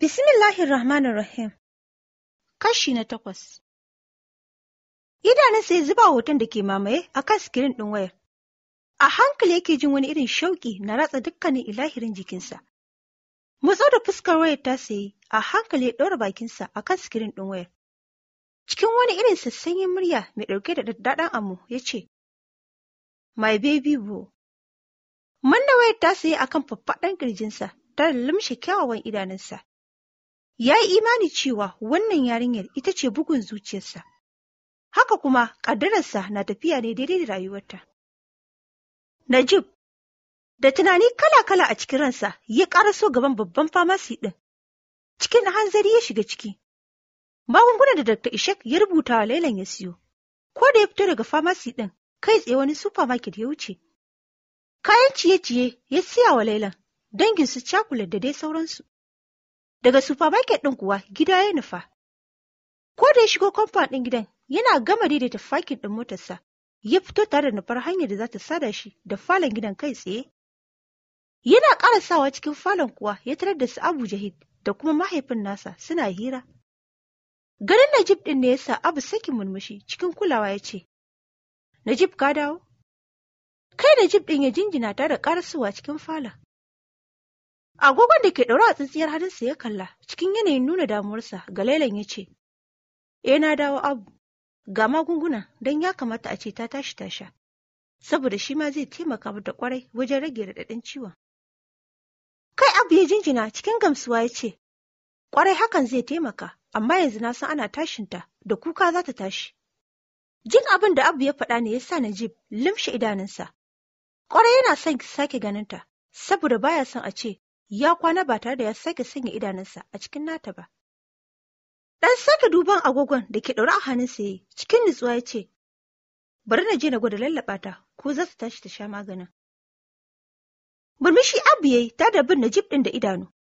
Bismillahir Rahmanir Rahim. Kashi na takwas. Idanunsa ya zuba hoton da ke mamaye a kan sikirin ɗin wayar. A hankali yake jin wani irin shauƙi na ratsa dukkanin ilahirin jikinsa. Motsa da fuskar wayar ta sayi a hankali ya ɗora bakinsa a kan sikirin ɗin wayar. Cikin wani irin sassanyin murya mai ɗauke da daddaɗan amu ya ce, My baby boo. Manna wayar ta sayi a kan faffaɗan ƙirjinsa tare da lumshe kyawawan idanunsa. Ya yi imani cewa wannan yarinyar ita ce bugun zuciyarsa. Haka kuma ƙaddararsa na tafiya ne daidai da rayuwarta. Najib, da tunani kala-kala a cikin ransa ya ƙara so gaban babban famasi ɗin. Cikin hanzari ya shiga ciki. Magungunan da Dr. Ishak ya rubuta wa Lailan ya siyo. Ko da ya fito daga famasi ɗin, kai tsaye wani supermarket ya wuce. Kayan ciye-ciye ya siya wa Lailan, dangin su cakulat da dai sauransu. Daga supermarket ɗin kuwa gida ya nufa. Ko da ya shigo kwamfan ɗin gidan yana gama da tafakin ɗin motarsa ya fito tare da nufar hanyar da za ta sada shi da falon gidan kai tsaye. Yana sawa cikin falon kuwa ya tarar da su Abu Jahid da kuma mahaifin nasa suna hira. Ganin Najib ɗin ne ya sa Abu sakin murmushi cikin kulawa ya ce, Najib ka dawo? Kai Najib ɗin ya jinjina tare da ƙarasuwa cikin falon. Agogon da ke ɗaura a tsintsiyar hannunsa ya kalla cikin yanayin nuna damuwarsa ga lailan ya ce, E na dawo abu, ga magunguna don ya kamata a ce ta tashi tasha. saboda shi ma zai taimaka da kwarai wajen rage raɗaɗin ciwon. Kai abu ya jinjina cikin gamsuwa ya ce, Kwarai hakan zai taimaka, amma yanzu na san ana tashinta da kuka za ta tashi. Jin abin da abu ya faɗa ne ya sa Najib limshe idanunsa. Kwarai yana son sake ganinta, saboda baya son a ce ya kwana ba tare da ya sake sanya idanunsa a cikin nata ba. Ɗan sake duban agogon da ke ɗaure a hannunsa ya yi cikin nutsuwa ya ce, Bari na je na gwada lallaɓa ta ko za su tashi ta sha maganin. Murmushi abu ya yi ta da bin Najib ɗin da idanu,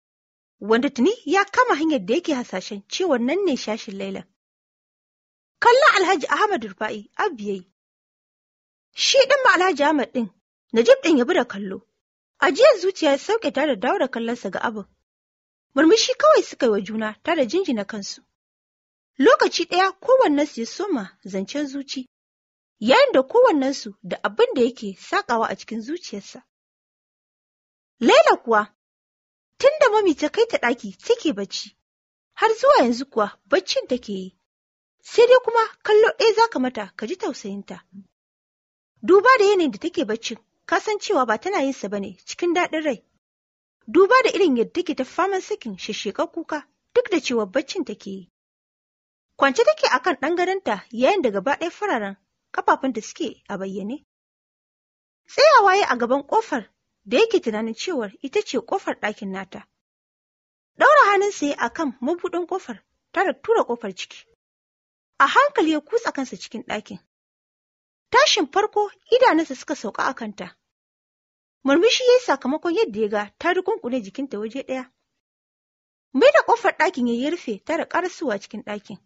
wanda tuni ya kama hanyar da yake hasashen ciwon nan ne shashin Laila. Kallon Alhaji Ahmad Rufa'i abu ya yi. Shi ɗin ma Alhaji Ahmad ɗin, Najib ɗin ya bi da kallo, Ajiyar zuciya ya sauke tare da daura kallonsa ga abin. Murmushi kawai suka yi wa juna tare jinjina kansu. Lokaci ɗaya kowannensu ya soma zancen zuci, yayin da kowannensu da abin da yake saƙawa a cikin zuciyarsa. Laila kuwa, tun da mami ta kai ta ɗaki take bacci, har zuwa yanzu kuwa baccin take yi, sai dai kuma kallo ɗaya za ka mata ka ji tausayinta. Duba da yanayin da take baccin, ka san cewa ba tana yin sa ne cikin daɗin rai duba da irin yadda ke ta faman sakin shishshekar kuka duk da cewa baccin take yi kwance take akan ɗan gadonta yayin da gaba ɗaya fararen kafafunta suke a bayyane tsayawa ya a gaban ƙofar da yake tunanin cewar ita ce ƙofar ɗakin nata ɗaura hannunsa ya kan mabuɗin ƙofar tare tura ƙofar ciki a hankali ya kutsa kansa cikin ɗakin tashin farko idanunsa suka sauka a kanta Murmushi ya yi sakamakon yadda ya ga ta dukunkune jikinta waje ɗaya. Mai da ƙofar ɗakin ya yi rufe tare ƙarasuwa cikin ɗakin.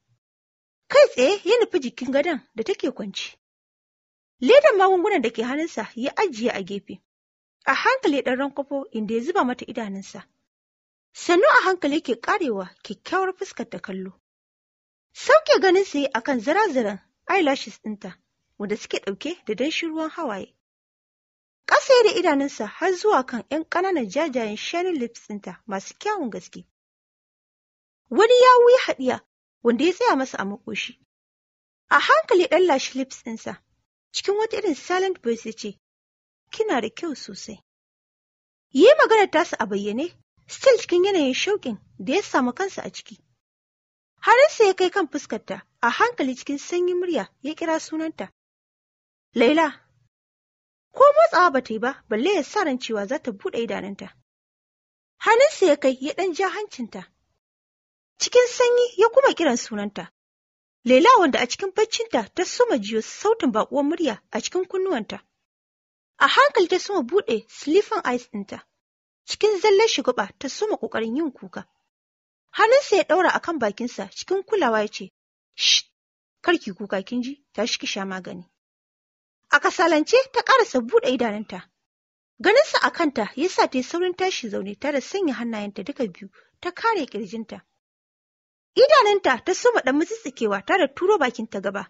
Kai tsaye ya nufi jikin gadon da take kwanci. Ledan magungunan da ke hannunsa ya ajiye a gefe. A hankali ɗan kwafo inda ya zuba mata idanunsa. Sannu a hankali ke ƙarewa kyakkyawar fuskar da kallo. Sauke ganin sai akan ziraziran eyelashes ɗinta wanda suke ɗauke da danshin ruwan hawaye. Ƙasa ya da idanunsa har zuwa kan ‘yan ƙananan jajayen shanin lips ɗinta masu kyawun gaske. Wani ya wuyi haɗiya wanda ya tsaya masa a makoshi. A hankali ɗan lashe lips ɗinsa cikin wata irin silent voice ya ce, Kina da kyau sosai. Yi magana tasa a bayyane, still cikin yanayin shauƙin da ya samu kansa a ciki. Harinsa ya kai kan fuskarta a hankali cikin sanyin murya ya kira sunanta. Laila, ko motsawa ba ta yi ba balle ya sa ran cewa za ta buɗe idanunta. Hannunsa ya kai ya ɗan ja hancinta. Cikin sanyi ya kuma kiran sunanta. Laila wanda a cikin baccinta ta suma jiyo sautin baƙuwar murya a cikin kunnuwanta. A hankali ta suma buɗe silifan ice ɗinta. Cikin zallar shiguba ta suma ƙoƙarin yin kuka. Hannunsa ya ɗaura a kan bakinsa cikin kulawa ya ce, Shh, karki kuka kin ji, tashi ki sha magani. A kasalance ta ƙarasa buɗe idanunta. Ganinsa a kanta ya sa ta yi saurin tashi zaune tare sanya hannayenta duka biyu ta kare ƙirjinta. Idanunta ta soma ɗan mutsitsikewa tare turo bakinta gaba.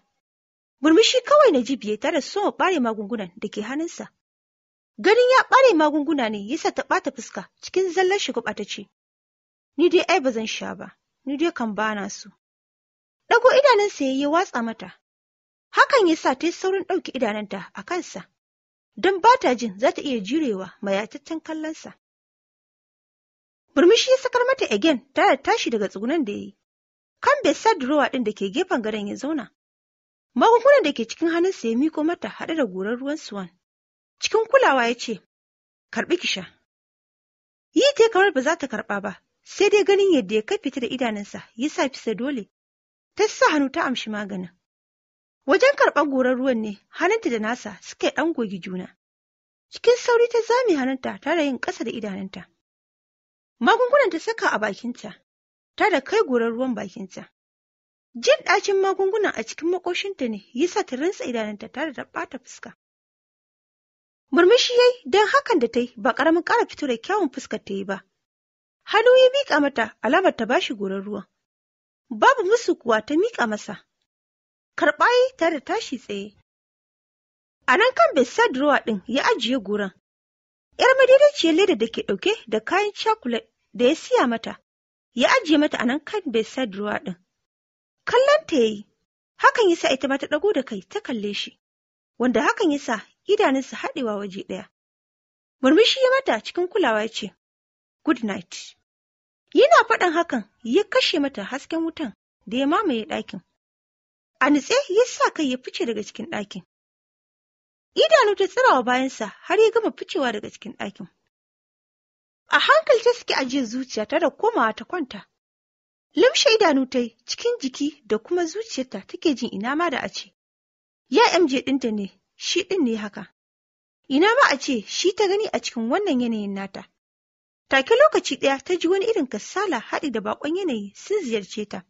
Murmushi kawai na jibiye tare soma ɓare magungunan da ke hannunsa. Ganin ya ɓare magunguna ne yasa ta ɓata fuska cikin zallar shi ta ce, Ni dai ai ba zan sha ba, ni dai kan bana su. Ɗago idanunsa ya watsa mata, Hakan ya sa ta yi saurin ɗauke idananta a kansa, don ba ta jin za ta iya jurewa mayataccen kallonsa. Murmushi ya sakar mata again tare da tashi daga tsugunan da ya yi. Kan bai sa durowa ɗin da ke gefen gadon ya zauna. Magungunan da ke cikin hannunsa ya miko mata haɗe da goran ruwan suwan. Cikin kulawa ya ce, Karɓi ki sha. Yi ta kamar ba za ta karɓa ba, sai dai ganin yadda ya kai fita da idanunsa ya sa fisa dole. Ta sa hannu ta amshi maganin. Wajen karɓar gorar ruwan ne hannunta da nasa suke ɗan gogi juna. Cikin sauri ta zame hannunta da yin ƙasa da idanunta. Magungunan ta saka a bakinta, ta da kai gorar ruwan bakinta. Jin ɗacin magungunan a cikin makoshinta ne ya sa ta rinsa idanunta ta da ɓata fuska. Murmushi yayi don hakan da ta yi ba ƙaramin ƙara fito da kyawun fuskar ta yi ba. Hannu ya miƙa mata alamar ta bashi gorar ruwan. Babu musu kuwa ta miƙa masa. Karɓayi ta da tashi tsaye. A nan kan bisa durowa ɗin ya ajiye goron. ‘Yar ce leda da ke ɗauke da kayan cakulet da ya siya mata, ya ajiye mata a nan kan bisa durowa ɗin. Kallon ta ya yi, hakan yasa ita ma ta ɗago da kai ta kalle shi, wanda hakan yasa idanunsa haɗewa waje ɗaya. Murmushi ya mata cikin kulawa ya ce, Good night. Yana faɗan hakan ya kashe mata hasken wutan da ya mamaye ɗakin. A nutse ya sa kai ya fice daga cikin ɗakin. Idanu ta tsirawa bayansa har ya gama ficewa daga cikin ɗakin. A hankali ta suke ajiye zuciya ta da komawa ta kwanta. Limshe idanu ta yi cikin jiki da kuma zuciyarta take jin ina ma da a ce. Ya MJ ɗinta ne, shi ɗin ne haka. Ina ma a ce shi ta gani a cikin wannan yanayin nata. Take lokaci ɗaya ta ji wani irin kasala haɗi da baƙon yanayi sun ziyarce ta.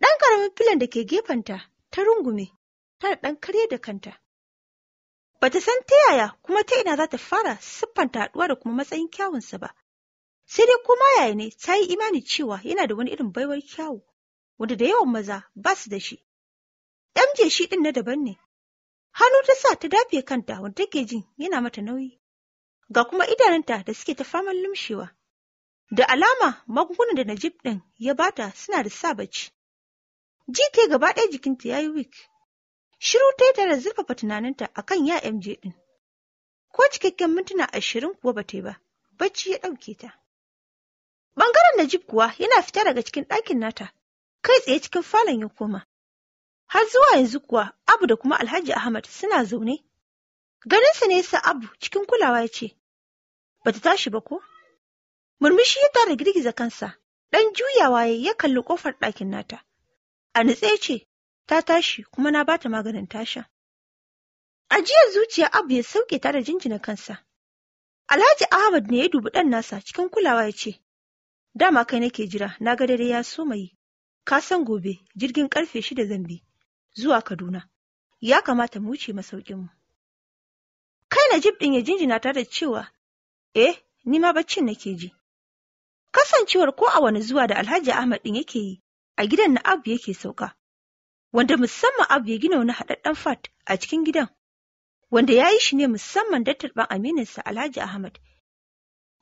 Ɗan ƙaramin filan da ke gefenta ta rungume, tana ɗan karye da kanta. Ba ta san ta yaya kuma ta ina za ta fara siffanta haɗuwa da kuma matsayin kyawunsa ba. Sai dai kuma yaya ne ta yi imani cewa yana da wani irin baiwar kyawu, wanda da yawan maza ba su da shi. MJ shi ɗin na daban ne. Hannu ta sa ta dafe kanta wanda take jin yana mata nauyi. Ga kuma idanunta da suke ta faman lumshewa. Da alama magungunan da Najib ɗin ya bata suna da sa bacci. Ji gaba ɗaya jikinta ya yi wik. Shiru ta yi tare zurfafa tunaninta a kan ya MJ ɗin. Ko cikakken mintuna ashirin kuwa ba ta yi ba, bacci ya ɗauke ta. Ɓangaren Najib kuwa yana fita daga cikin ɗakin nata, kai tsaye cikin falon ya koma. Har zuwa yanzu kuwa Abu da kuma Alhaji Ahmad suna zaune. Ganinsa ne ya sa Abu cikin kulawa ya ce, Ba ta tashi ba ko? Murmushi ya tara girgiza kansa, ɗan juyawa ya kalli ƙofar ɗakin nata. A nutse ce, ta tashi kuma na bata maganin tasha. Ajiyar zuciya abu ya sauke ta da jinjina kansa. Alhaji Ahmad ne ya dubi ɗan nasa cikin kulawa ya ce, Dama kai nake jira, na ga dare ya so mai. Ka san gobe, jirgin karfe shida zambi, zuwa Kaduna. Ya kamata mu wuce masaukinmu. Kai na jib ɗin ya jinjina ta da cewa, Eh, ni ma baccin nake ji. Kasancewar ko a wani zuwa da Alhaji Ahmad ɗin yake yi, a gidan na Abu yake sauka, wanda musamman Abu ya gina wani haɗaɗɗen fat a cikin gidan, wanda ya yi shi ne musamman da aminin sa Alhaji Ahmad.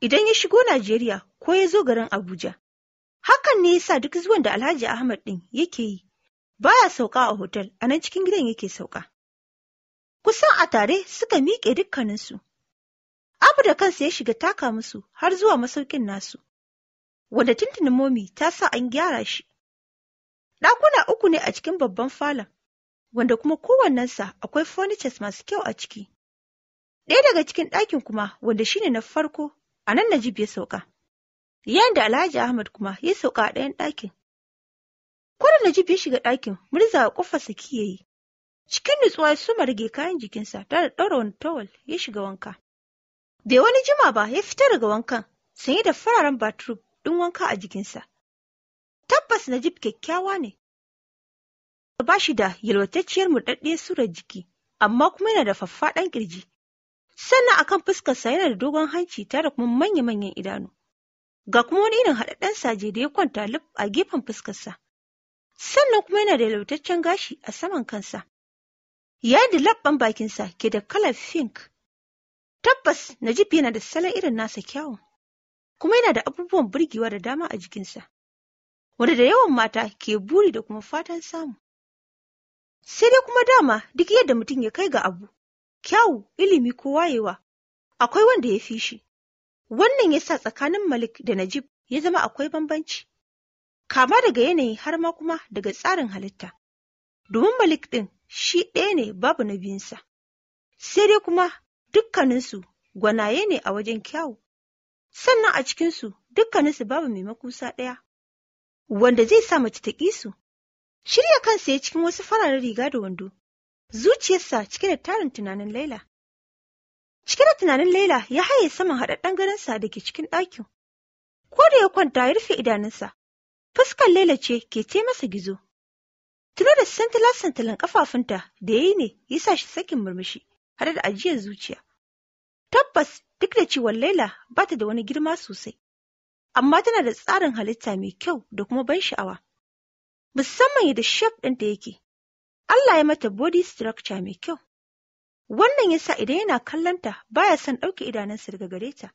Idan ya shigo Najeriya ko ya zo garin Abuja, hakan ne ya sa duk zuwan da Alhaji Ahmad ɗin yake yi, Ba ya sauka a hotel, a nan cikin gidan yake sauka. Kusan a tare suka miƙe dukkaninsu. Abu da kansa ya shiga taka musu har zuwa masaukin nasu, wanda tuntunin momi ta sa an gyara shi. Ɗakuna uku ne a cikin babban falon, wanda kuma kowannensa akwai furnitures masu kyau a ciki. Ɗaya daga cikin ɗakin kuma wanda shi ne na farko a nan Najib ya sauka. Yayin da Alhaji Ahmad kuma ya sauka a ɗayan ɗakin. Kwarar Najib ya shiga ɗakin, Murza a ƙofar saki ya yi. Cikin nutsuwa ya suma rage kayan jikinsa tare da ɗaura wani towel ya shiga wanka. Bai wani jima ba ya fita daga wankan sanye da fararen bathrobe ɗin wanka a jikinsa. Tabbas Najib kyakkyawa ne. Ba shi da yalwatacciyar murɗaɗɗiyar surar jiki, amma kuma yana da faffaɗan ƙirji. Sannan akan fuskarsa yana da dogon hanci tare kuma manya-manyan idanu. Ga kuma wani irin haɗaɗɗen saje da ya kwanta lif a gefen fuskarsa. Sannan kuma yana da yalwataccen gashi a saman kansa. Yayin da labban bakinsa ke da kalar pink. Tabbas Najib yana da salon irin nasa kyawun. Kuma yana da abubuwan burgewa da dama a jikinsa. wanda da yawan mata ke buri da kuma fatan samu. Sai dai kuma dama duk yadda mutum ya kai ga abu, kyawu, ilimi ko wayewa, akwai wanda ya fi shi. Wannan ya sa tsakanin Malik da Najib ya zama akwai bambanci, kama daga yanayi har ma kuma daga tsarin halitta. Domin Malik ɗin shi ɗaya ne babu na biyunsa. Sai dai kuma dukkaninsu gwanaye ne a wajen kyawu, sannan a cikinsu dukkaninsu babu mai makusa ɗaya. wanda zai sa mace ta ƙisu. Shirya kansa ya cikin wasu fararen riga da wando, zuciyarsa cike da tarin tunanin Laila. Cike da tunanin Laila ya haye saman haɗaɗɗen garinsa da ke cikin ɗakin. Ko da ya kwanta ya rufe idanunsa, fuskar Laila ce ke ce masa gizo. Tuno da santala santilan ƙafafunta da ya yi ne ya sa shi sakin murmushi, haɗe da ajiyar zuciya. Tabbas duk da ciwon Laila ba ta da wani girma sosai, amma tana da tsarin halitta mai kyau da kuma ban sha'awa. Musamman yadda shef ɗinta yake, Allah ya mata body structure mai kyau. Wannan ya sa idan yana kallonta baya son ɗauke idanunsa daga gare ta.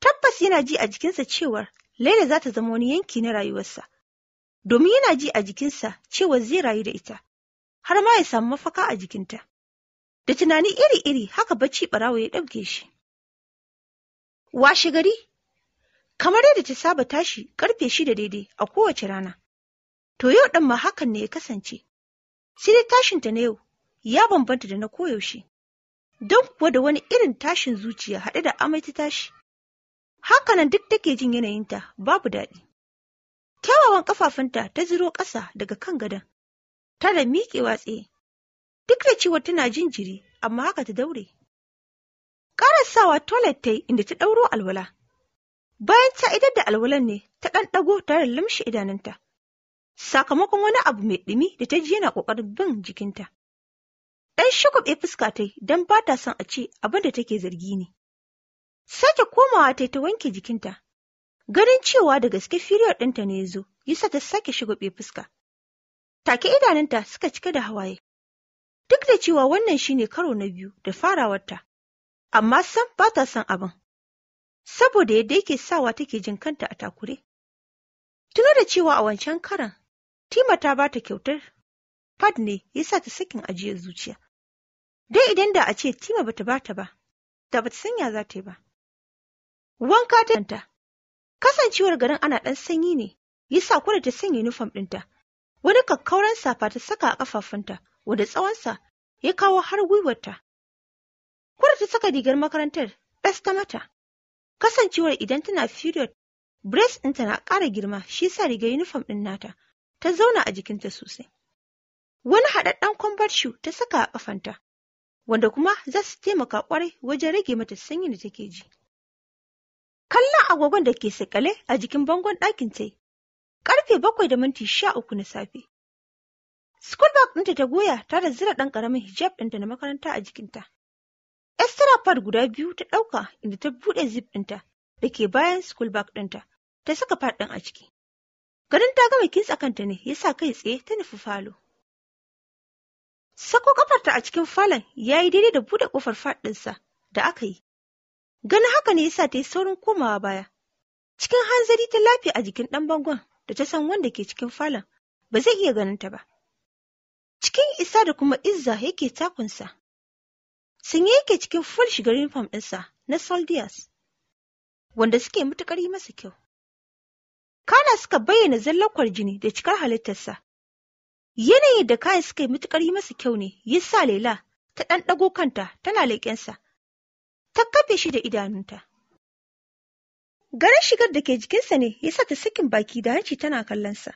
Tabbas yana ji a jikinsa cewar Laila za ta zama wani yanki na rayuwarsa, domin yana ji a jikinsa cewar zai rayu da ita, har ma ya samu mafaka a jikinta. Da tunani iri-iri haka bacci ɓarawo ya ɗauke shi. Washe gari Kamar yadda ta saba tashi karfe shida daidai a kowace rana. To yau ɗan ma hakan ne ya kasance. Sai dai tashinta na yau ya bambanta da na koyaushe. Don kuwa da wani irin tashin zuciya haɗe da amai ta tashi. Hakanan duk take jin yanayinta babu daɗi. Kyawawan kafafunta ta ziro ƙasa daga kan gadon. Ta da miƙewa tsaye. Duk da cewa tana jin jiri amma haka ta daure. Ƙarasawa toilet ta yi inda ta ɗauro alwala. Bayan ta idar da alwalan ne, ta ɗan ɗago tare da lumshi idanunta. Sakamakon wani abu mai ɗumi da ta ji yana ƙoƙarin bin jikinta. Ɗan shagwaɓe fuska ta yi don ba ta son a ce abin da take zargi ne. Sake komawa ta ta wanke jikinta. Ganin cewa da gaske firiyar ɗinta ne ya zo, ya sa ta sake shagwaɓe fuska. Take idanunta suka cika da hawaye. Duk da cewa wannan shine karo na biyu da farawarta, amma sam ba ta son abin. saboda yadda yake sawa take jin kanta a takure. Tuna da cewa a wancan karan, Tima ta ba ta kyautar Fad ne ya sa ta sakin ajiyar zuciya. Dai idan da a ce Tima bata ba ta ba, da bata sanya za ta yi ba. Wanka ta kasancewar garin ana ɗan sanyi ne, ya sa kwada ta sanya nufan ɗinta. Wani kakkauran safa ta saka a ƙafafunta, wanda tsawonsa ya kawo har gwiwarta. Kwada ta saka rigar makarantar, ɗasta mata. Kasancewar idan tana period, breast ɗinta na ƙara girma shi yasa rigar uniform ɗin nata ta zauna a jikinta sosai. Wani haɗaɗɗen kwambar shoe ta saka a ƙafanta, wanda kuma za su taimaka ƙwarai wajen rage mata sanyin da take ji. Kallon agogon da ke sakale a jikin bangon ɗakin ta ƙarfe bakwai da minti sha uku na safe. School bag ɗinta ta goya ta da zira ɗan ƙaramin hijab ɗinta na makaranta a jikinta. estra pad guda biyu ta ɗauka inda ta buɗe zip ɗinta da ke bayan school bag ɗinta, ta saka pad ɗin a ciki. Ganin ta gama kintsa kanta ne ya sa kai tsaye ta nufi falo. Sako kafarta a cikin falon ya yi daidai da buɗe ƙofar fad ɗinsa da aka yi. Ganin haka ne ya sa ta yi saurin komawa baya. Cikin hanzari ta lafiya a jikin ɗan bangon da ta san wanda ke cikin falon ba zai iya ganin ta ba. Cikin isa da kuma izza yake takunsa Sanye yake cikin full shigar uniform ɗinsa na soldiers, wanda suke matuƙar yi masa kyau. Kana suka bayyana zallakwar jini da cikar halittarsa. Yanayin da kayan suka yi matuƙar yi masa kyau ne, ya sa Laila ta ɗan ɗago kanta tana leƙensa, ta kafe shi da idanunta. Garin shigar da ke jikinsa ne ya sa ta sakin baki da hanci tana kallonsa.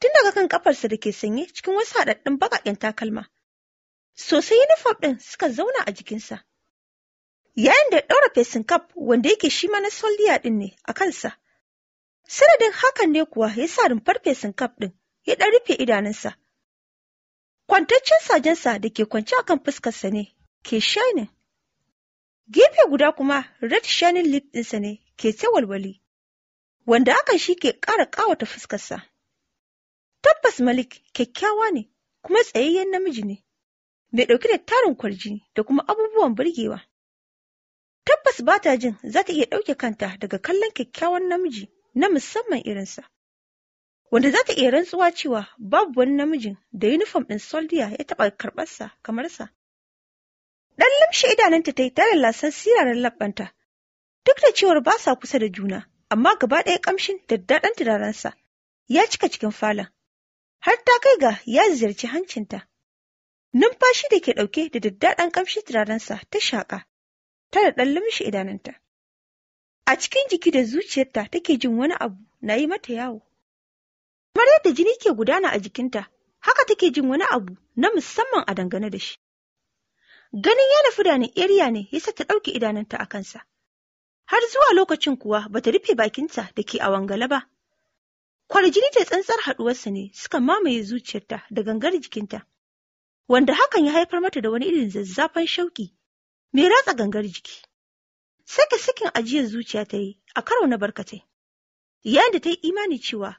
Tun daga kan ƙafarsa da ke sanye cikin wasu haɗaɗɗun baƙaƙen takalma, sosai yunifom ɗin suka zauna a jikinsa. Yayin da ɗaura fesin kaf wanda yake shi ma na soldiya ɗin ne a kansa. Sanadin hakan ne kuwa ya sa rumfar fesin kaf ɗin ya ɗan rufe idanunsa. Kwantaccen sajensa da ke kwance a kan fuskarsa ne ke shanin. Gefe guda kuma red shining lip ɗinsa ne ke ta walwali, wanda hakan shi ke ƙara ƙawata fuskarsa. Tabbas Malik kyakkyawa ne kuma tsayayyen namiji ne. mai ɗauke da tarin kwarji da kuma abubuwan burgewa. Tabbas ba ta jin za ta iya ɗauke kanta daga kallon kyakkyawan namiji na musamman irinsa. Wanda za ta iya rantsuwa cewa babu wani namijin da yunifom ɗin soldiya ya taɓa karɓarsa kamar sa. Ɗan limshe idanunta ta yi tare lasan siraran labbanta, duk da cewar ba sa kusa da juna, amma gaba ɗaya ƙamshin da daddaɗan turarensa ya cika cikin falon, har ta kai ga ya ziyarci hancinta. Numfashi da ke ɗauke da daddaɗan ƙamshin sa ta shaƙa, tana ɗan lumshi idanunta. A cikin jiki da zuciyarta take jin wani abu na yi mata yawo. Kamar yadda jini ke gudana a jikinta, haka take jin wani abu na musamman a dangane da shi. Ganin ya nufi da ni eriya ne yasa ta ɗauke idanunta a kansa. Har zuwa lokacin kuwa bata rufe bakinta da ke a wangale ba. Kwarjini da tsantsar haɗuwarsa ne suka mamaye zuciyarta da gangar jikinta. wanda hakan ya haifar mata da wani irin zazzafan shauƙi mai ratsa gangar jiki. Sake sakin ajiyar zuciya ta yi a karo na barkatai, yayin da ta yi imani cewa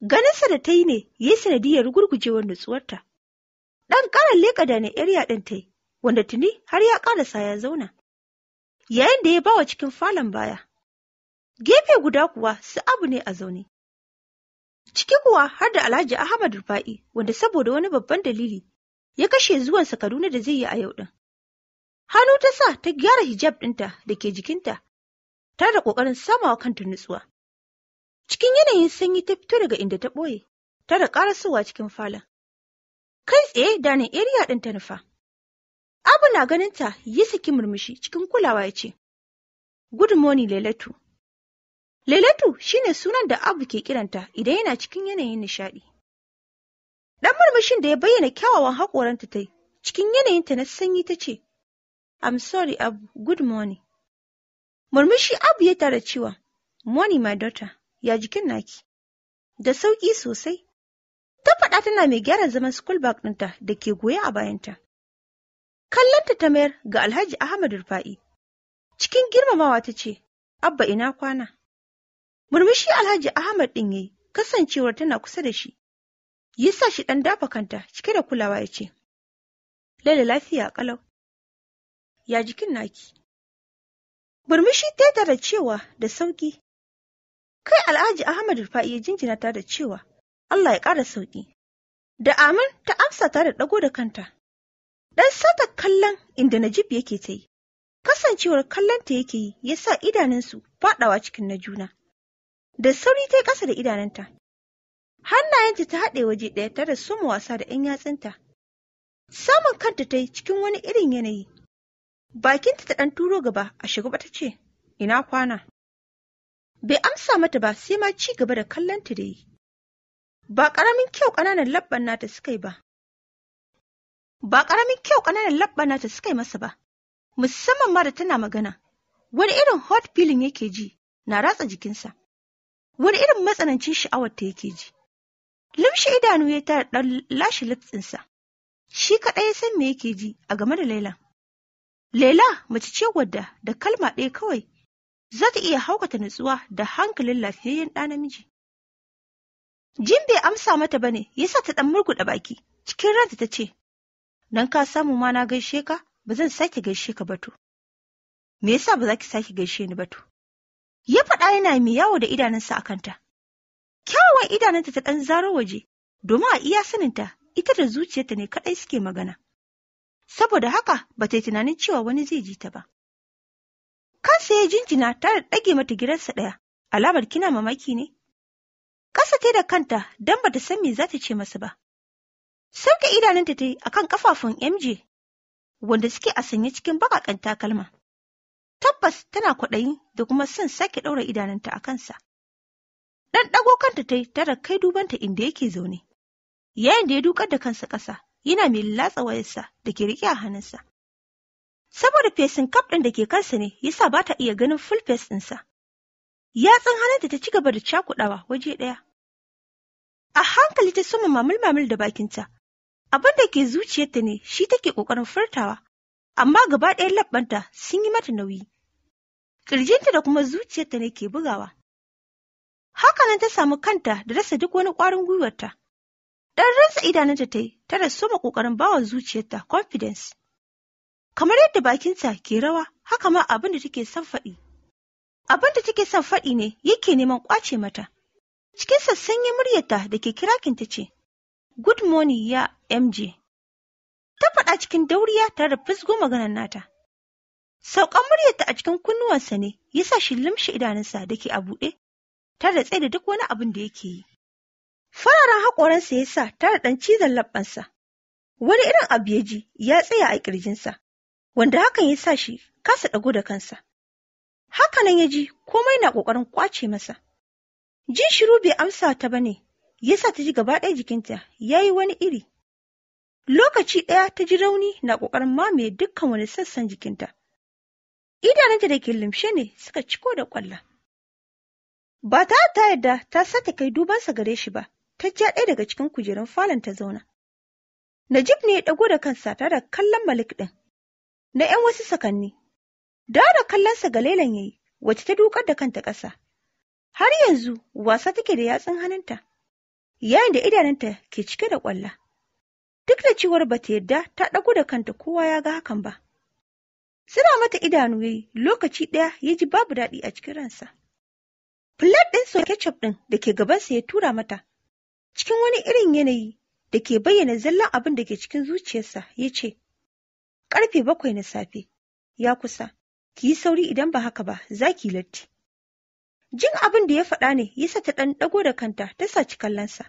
ganinsa da ta yi ne ya yi sanadiyar gurgujewar nutsuwarta. Ɗan ƙarar leƙa da na area ɗin ta yi, wanda tuni har ya ƙarasa ya zauna. Yayin da ya bawa cikin falon baya, gefe guda kuwa su abu ne a zaune. Ciki kuwa har da Alhaji Ahmad Rufa'i, wanda saboda wani babban dalili ya kashe zuwansa Kaduna da zai yi a yau ɗin. Hannu ta sa ta gyara hijab ɗinta da ke jikinta, Ta da ƙoƙarin samawa kanta nutsuwa. Cikin yanayin sanyi ta fito daga inda ta ɓoye, tare da ƙarasowa cikin falon. Kai tsaye danin eriya ɗin ta nufa. Abu na ganinta ya saki murmushi cikin kulawa ya ce, Good morning, Lailatu. Lailatu shine sunan da Abu ke kiranta idan yana cikin yanayin nishaɗi. dan murmushin da ya bayyana kyawawan haƙoranta ta yi, cikin yanayinta na sanyi ta ce, I'm sorry, Abu, good morning. Murmushi Abu ya tara cewa, Morning, my daughter, ya jikin naki. Da sauƙi sosai. Ta faɗa tana mai gyara zaman school bag ɗinta da ke goye a bayanta. Kallonta ta mayar ga Alhaji Ahmad Rufa'i. Cikin girmamawa ta ce, Abba ina kwana. Murmushi Alhaji Ahmad ɗin yayi, kasancewar tana kusa da shi. Ya sa shi ɗan dafa kanta cike da kulawa ya ce, Laila lafiya ƙalau, ya jikin naki. Burmishi ta da cewa da sauƙi, kai al'aji Ahmad Rufa'i ya jinjina ta da cewa Allah ya ƙara sauƙi. Da amin ta amsa ta da ɗago da kanta. Ɗan sata kallon inda Najib yake ta yi, kasancewar kallonta yake yi ya sa idanunsu faɗawa cikin na juna. Da sauri ta yi ƙasa da idanunta, Hannayenta ta haɗe waje ɗaya tare suma wasa da ‘yan yatsunta. Samun kanta ta yi cikin wani irin yanayi. Bakinta ta ɗan turo gaba a shagaba ta ce, Ina kwana. Bai amsa mata ba sai ma ci gaba da kallonta da yi. Ba ƙaramin kyau ƙananan labban nata suka yi ba. Ba ƙaramin kyau ƙananan labban nata suka yi masa ba. Musamman ma da tana magana. Wani irin hot feeling yake ji na ratsa jikinsa. Wani irin matsanancin sha'awar ta yake ji. Lumshe idanu ya tara ɗan lashe lipsinsa. Shi kaɗai ya san me yake ji a game da Laila. Laila mace ce wadda da kalma ɗaya kawai za ta iya haukata nutsuwa da hankalin lafiyayyen ɗa namiji. Jin bai amsa mata ba ne ya sa ta ɗan murguɗa baki cikin ranta ta ce, Don ka samu ma na gaishe ka, ba zan sake gaishe ka ba to. Me yasa ba za ki sake gaishe ni ba to? Ya faɗa yana mai yawo da idanunsa a kanta. Kyawawan idanunta ta ɗan zaro waje, domin a iya saninta ita da zuciyarta ne kaɗai suke magana. Saboda haka ba ta yi tunanin cewa wani zai ji ta ba. Kansa ya jinjina tare da ɗage mata gidansa ɗaya, alamar kina mamaki ne? Ƙasa ta da kanta don ba ta san me za ta ce masa ba. Sauke idanunta ta yi a kan ƙafafun MJ, wanda suke a sanye cikin baƙaƙen takalma. Tabbas tana kwaɗayi da kuma son sake ɗaura idanunta a kansa. Dan ɗago kanta ta yi tara kai dubanta inda yake zaune. Yayin da ya dukar da kansa ƙasa, yana mai latsa wayarsa da ke riƙe a hannunsa. Saboda fesin kaf ɗin da ke kansa ne, yasa ba ta iya ganin full face ɗinsa. Yatsun hannunta ta ci gaba da cakuɗawa waje ɗaya. A hankali ta soma mamul-mamul da bakinta. Abin da ke zuciyarta ne shi take ƙoƙarin furtawa, amma gaba ɗaya labbanta sun yi mata nauyi. Ƙirjinta da kuma zuciyarta ne ke bugawa. Haka nan ta samu kanta da rasa duk wani ƙwarin gwiwarta. Ɗan rasa idanunta ta yi, ta rasu ma ƙoƙarin bawa zuciyarta confidence. Kamar yadda bakinta ke rawa, haka ma abin da take son faɗi. Abin da take son faɗi ne yake neman ƙwace mata. Cikin sassan yi muryarta da ke kirakin ta ce, Good morning ya MJ. Ta faɗa cikin dauriya tare da fisgo maganar nata. Saukan muryarta a cikin kunnuwansa ne ya sa shi limshe idanunsa da ke a buɗe ta ratse da duk wani abin da yake yi. Fararen haƙoransa ya sa ta ɗan cizon laɓɓansa, Wani irin abu ya ji ya tsaya a ƙirjinsa, wanda hakan ya sa shi kasa ɗago da kansa. Hakanan ya ji komai na ƙoƙarin ƙwace masa. Jin shiru bai amsa ta ba ne, ya sa ta ji gaba ɗaya jikinta ya yi wani iri. Lokaci ɗaya ta ji rauni na ƙoƙarin mamaye dukkan wani sassan jikinta. Idanunta da ke limshe ne suka ciko da ƙwallon. Ba ta ta yadda ta sake kai dubansa gare shi ba, ta ja ɗaya daga cikin kujerun falon ta zauna. Najib ne ya ɗago da kansa tare da kallon Malik ɗin. Na ‘yan wasu sakanni, da da kallonsa ga lelan yayi, wacce ta dukar da kanta ƙasa. Har yanzu wasa take da yatsun hannunta, yayin da idanunta ke cike da ƙwalla. Duk da cewar ba ta yadda ta ɗago da kanta kowa ya ga hakan ba. Suna mata idanu yayi lokaci ɗaya ya ji babu daɗi a cikin ransa. Fulat ɗin soya ketchup ɗin da ke gabansa ya tura mata. Cikin wani irin yanayi da ke bayyana zallan abin da ke cikin zuciyarsa ya ce, Ƙarfe bakwai na safe, ya kusa, ki yi sauri idan ba haka ba, za ki latti. Jin abin da ya faɗa ne ya sa ta ɗan ɗago da kanta ta saci kallonsa.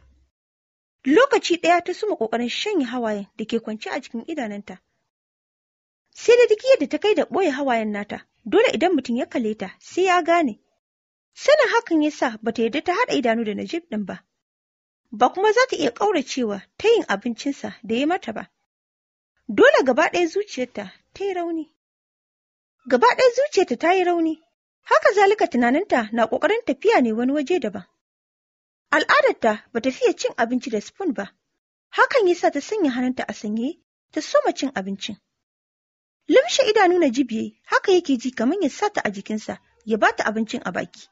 Lokaci ɗaya ta suma ƙoƙarin shanye hawayen da ke kwance a cikin idanunta. Sai da duk yadda ta kai da ɓoye hawayen nata, dole idan mutum ya kalle ta sai ya gane Sanin hakan ya sa ba ta yarda ta haɗa idanu da Najib ɗin ba, ba kuma za ta iya ƙauracewa ta yin abincinsa da ya mata ba. Dole gaba ɗaya zuciyarta ta yi rauni. Gaba ɗaya zuciyarta ta yi rauni, haka zalika tunaninta na ƙoƙarin tafiya ne wani waje daban. Al'adarta ba ta fiye cin abinci da spoon ba, hakan ya sa ta sanya hannunta a sanye ta soma cin abincin. Limshe idanu na jibiye haka yake ji kamar ya sa ta a jikinsa ya ba ta abincin a baki.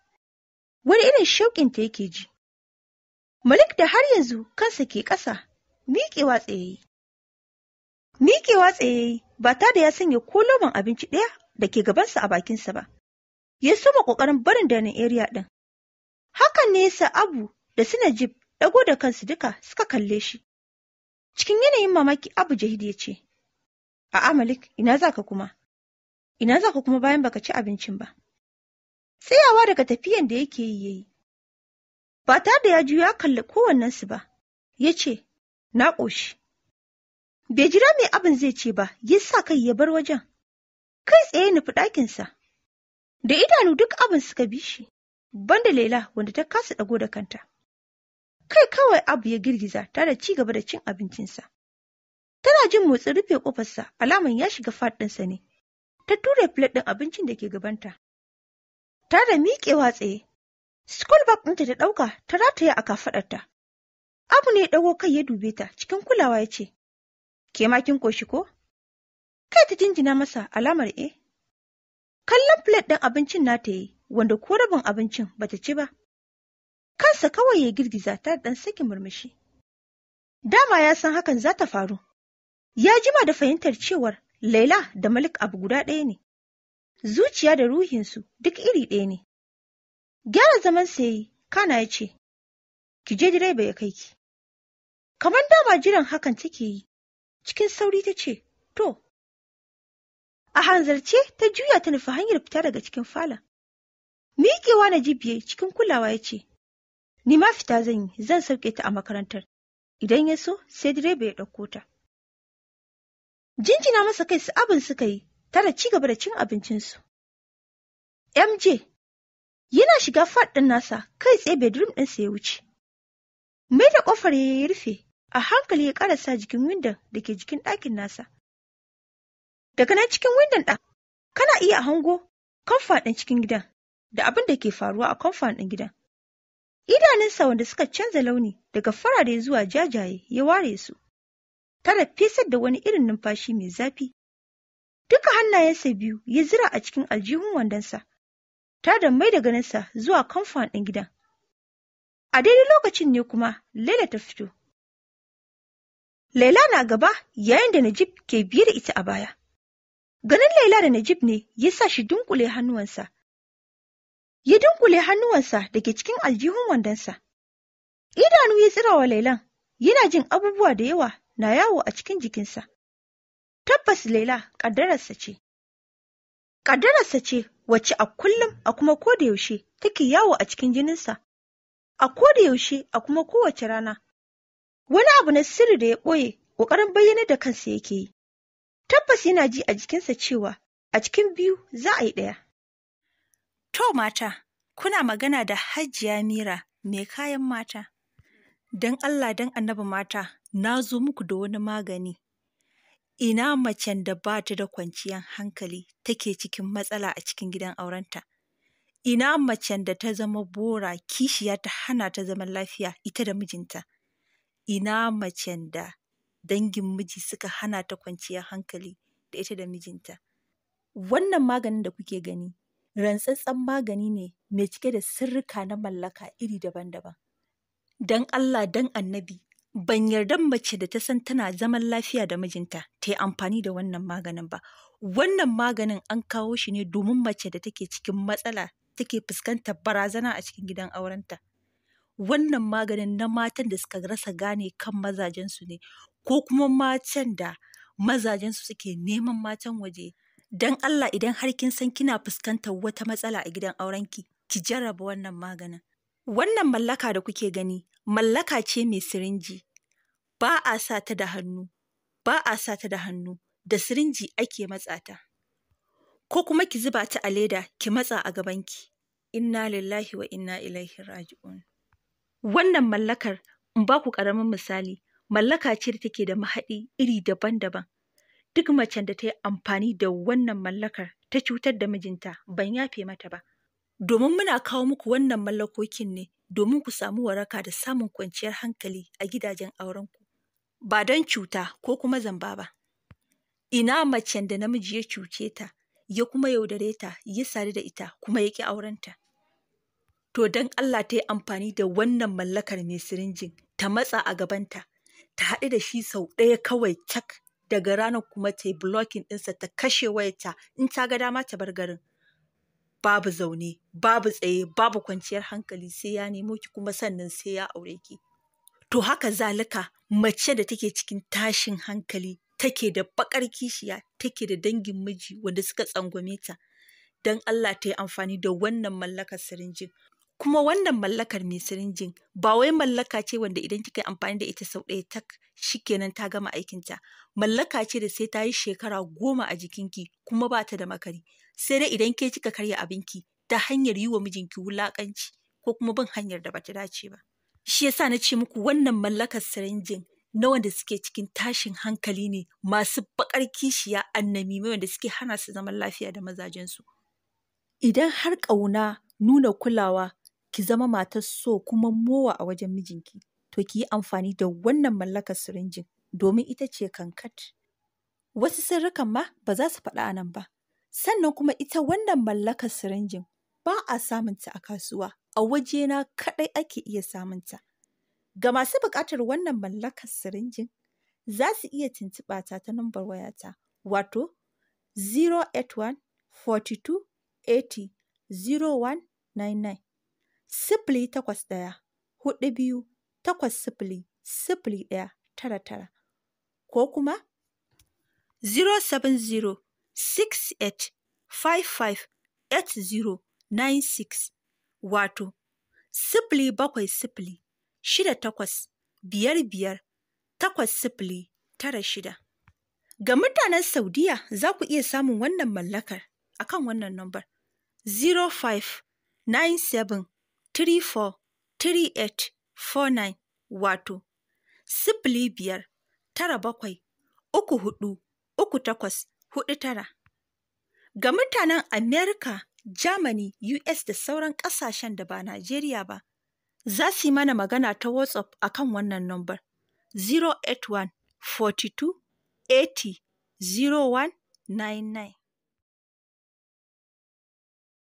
wani irin shauƙin ta yake ji. Malik da har yanzu kansa ke ƙasa, miƙewa tsayayi. Miƙewa tsayayi ba ta da ya sanya ko loman abinci ɗaya da ke gabansa a bakinsa ba. Ya soma ƙoƙarin barin danin eriya ɗin. Hakan ne yasa Abu da Sinajib ɗago da kansu duka suka kalle shi. Cikin yanayin mamaki Abu Jahid ya ce, A'a Malik, ina za ka kuma? Ina za ka kuma bayan baka ci abincin ba? Tsayawa daga tafiyan da yake yi yayi. Ba tare da ya juya kalli kowannensu ba, ya ce, Na ƙoshi. Bai jira mai abin zai ce ba, ya sa kai ya bar wajen. Kai tsaye nufi ɗakinsa. Da idanu duk abin suka bi shi, banda Laila wanda ta kasa ɗago da kanta. Kai kawai abu ya girgiza ta da ci gaba da cin abincinsa. Tana jin motsin rufe ƙofarsa alaman ya shiga faɗinsa ne. Ta ture filet ɗin abincin da ke gabanta. ta da miƙewa tsaye. School bak ɗinta ta ɗauka ta rataya a kafaɗarta. Abu ne ɗago kai ya dube ta cikin kulawa ya ce, Ke makin koshi ko? Kai ta jinjina masa alamar e. Kallon plate ɗin abincin na ta yi wanda ko rabin abincin ba ta ci ba. Kansa kawai ya girgiza ta ɗan saki murmushi. Dama ya san hakan za ta faru. Ya jima da fahimtar cewar Laila da Malik abu guda ɗaya ne. zuciya da ruhinsu duk iri ɗaya ne. Gyara zaman sayi, kana ya ce, ki je direba ya kai ki. Kamar dama jiran hakan take yi, cikin sauri ta ce, to. A hanzarce ta juya ta nufi hanyar fita daga cikin falon. Miƙewa na jibiye cikin kulawa ya ce, Ni ma fita zan yi, zan sauke ta a makarantar. Idan ya so, sai direba ya ɗauko ta. Jinjina masa kai su abin suka yi, tara ci gaba da cin abincinsu. MJ yana shiga faɗin nasa kai tsaye bedroom ɗinsa ya wuce. Mai da ƙofar ya rufe, a hankali ya ƙarasa jikin windon da ke jikin ɗakin nasa. Daga nan cikin windon ɗan, kana iya hango kamfa ɗin cikin gidan da abin da ke faruwa a kamfa ɗin gidan. Idanunsa wanda suka canza launi daga farare zuwa jajaye ya ware su, tara fesar da wani irin numfashi mai zafi duka hannayensa biyu ya zira a cikin aljihun wandonsa, ta da mai da ganinsa zuwa kamfan ɗin gidan. A daidai lokacin ne kuma Laila ta fito. Laila na gaba yayin da Najib ke biye da ita a baya. Ganin Laila da Najib ne ya sa shi dunkule hannuwansa. Ya dunkule hannuwansa da ke cikin aljihun wandonsa. Idanu ya tsira wa Lailan yana jin abubuwa da yawa na yawo a cikin jikinsa. Tabbas Laila ƙaddararsa ce. Ƙaddararsa ce wacce a kullum a kuma koda yaushe take yawo a cikin jininsa. A koda yaushe a kuma kowace rana. Wani abu na sirri da ya ɓoye ƙoƙarin bayyana da kansa yake yi. Tabbas yana ji a jikinsa cewa a cikin biyu za a yi ɗaya. To mata, kuna magana da Hajiya Mira mai kayan mata. Don Allah don annabi mata, na zo muku da wani magani Ina macen da ba ta da kwanciyar hankali take cikin matsala a cikin gidan aurenta? Ina macen da ta zama bora kishiya ta hana ta zaman lafiya ita da mijinta? Ina macen da dangin miji suka hana ta kwanciyar hankali da ita da mijinta? Wannan maganin da kuke gani, rantsatsen magani ne mai cike da sirrika na mallaka iri daban-daban. Don Allah, don annabi, ban yarda mace da ta san tana zaman lafiya da mijinta ta yi amfani da wannan maganin ba wannan maganin an kawo shi ne domin mace da take cikin matsala take fuskantar barazana a cikin gidan aurenta wannan maganin na matan da suka rasa gane kan mazajensu ne ko kuma matan da mazajensu suke neman matan waje don allah idan har kin san kina fuskantar wata matsala a gidan aurenki ki jarraba wannan maganin wannan mallaka da kuke gani mallaka ce mai sirinji. Ba a sa ta da hannu, ba a sa ta da hannu, da sirinji ake matsa ta. Ko kuma ki zuba ta a leda ki matsa a gabanki. Inna lillahi wa inna ilaihi raji'un. Wannan mallakar, in ba ku ƙaramin misali, mallaka ce da take da mahadi iri daban-daban. Duk macen da ta yi amfani da wannan mallakar ta cutar da mijinta ban yafe mata ba. Domin muna kawo muku wannan mallakokin ne domin ku samu waraka da samun kwanciyar hankali a gidajen aurenku, ba don cuta ko kuma zamba ba. Ina macen da namiji ya cuce ta, ya kuma yaudare ta, ya sadu da ita, kuma ya ƙi aurenta. To don Allah ta yi amfani da wannan mallakar mai sirinjin, ta matsa a gabanta, ta haɗu da shi sau ɗaya kawai cak daga ranar kuma ta yi blocking ɗinsa ta kashe wayarta in ta ga dama ta bar garin. babu zaune babu tsaye babu kwanciyar hankali sai ya nemo ki kuma sannan sai ya aure ki to haka zalika mace da take cikin tashin hankali take da bakar kishiya take da dangin miji wanda suka tsangwame ta don Allah ta yi amfani da wannan mallakar sirinjin kuma wannan mallakar mai sirinjin ba wai mallaka ce wanda idan kika yi amfani da ita sau ɗaya tak shikenan ta gama aikinta mallaka ce da sai ta yi shekara goma a jikinki kuma ba ta da makari sai dai idan ke kika karya abinki ta hanyar yi wa mijinki wulaƙanci ko kuma bin hanyar da bata dace ba shi yasa na ce muku wannan mallakar sirinjin na wanda suke cikin tashin hankali ne masu baƙar kishiya annami mai wanda suke hana su zaman lafiya da mazajensu idan har ƙauna nuna kulawa ki zama matar so kuma mowa a wajen mijinki, to ki yi amfani da wannan mallakar sirinjin domin ita ce kankat. Wasu sirrikan ma ba za su faɗa a nan ba. Sannan kuma ita wannan mallakar sirinjin ba a samunta a kasuwa, a wajena kaɗai ake iya samunta. Ga masu buƙatar wannan mallakar sirinjin, za su iya tuntuɓa ta ta nambar wayata, wato 081 42 80 0199. sifili takwas ɗaya huɗu biyu takwas sifili sifili ɗaya tara tara ko kuma eight zero nine six wato sifili bakwai sifili shida takwas biyar biyar takwas sifili tara shida. Ga mutanen Saudiya za ku iya samun wannan mallakar a kan wannan nambar seven 343849 wato, sifili biyar tara bakwai uku huɗu uku takwas huɗu tara. Ga mutanen Amerika, Germany, US da sauran ƙasashen da ba Najeriya ba, za su yi mana magana ta WhatsApp a kan wannan nombar. 081 42 80 0199.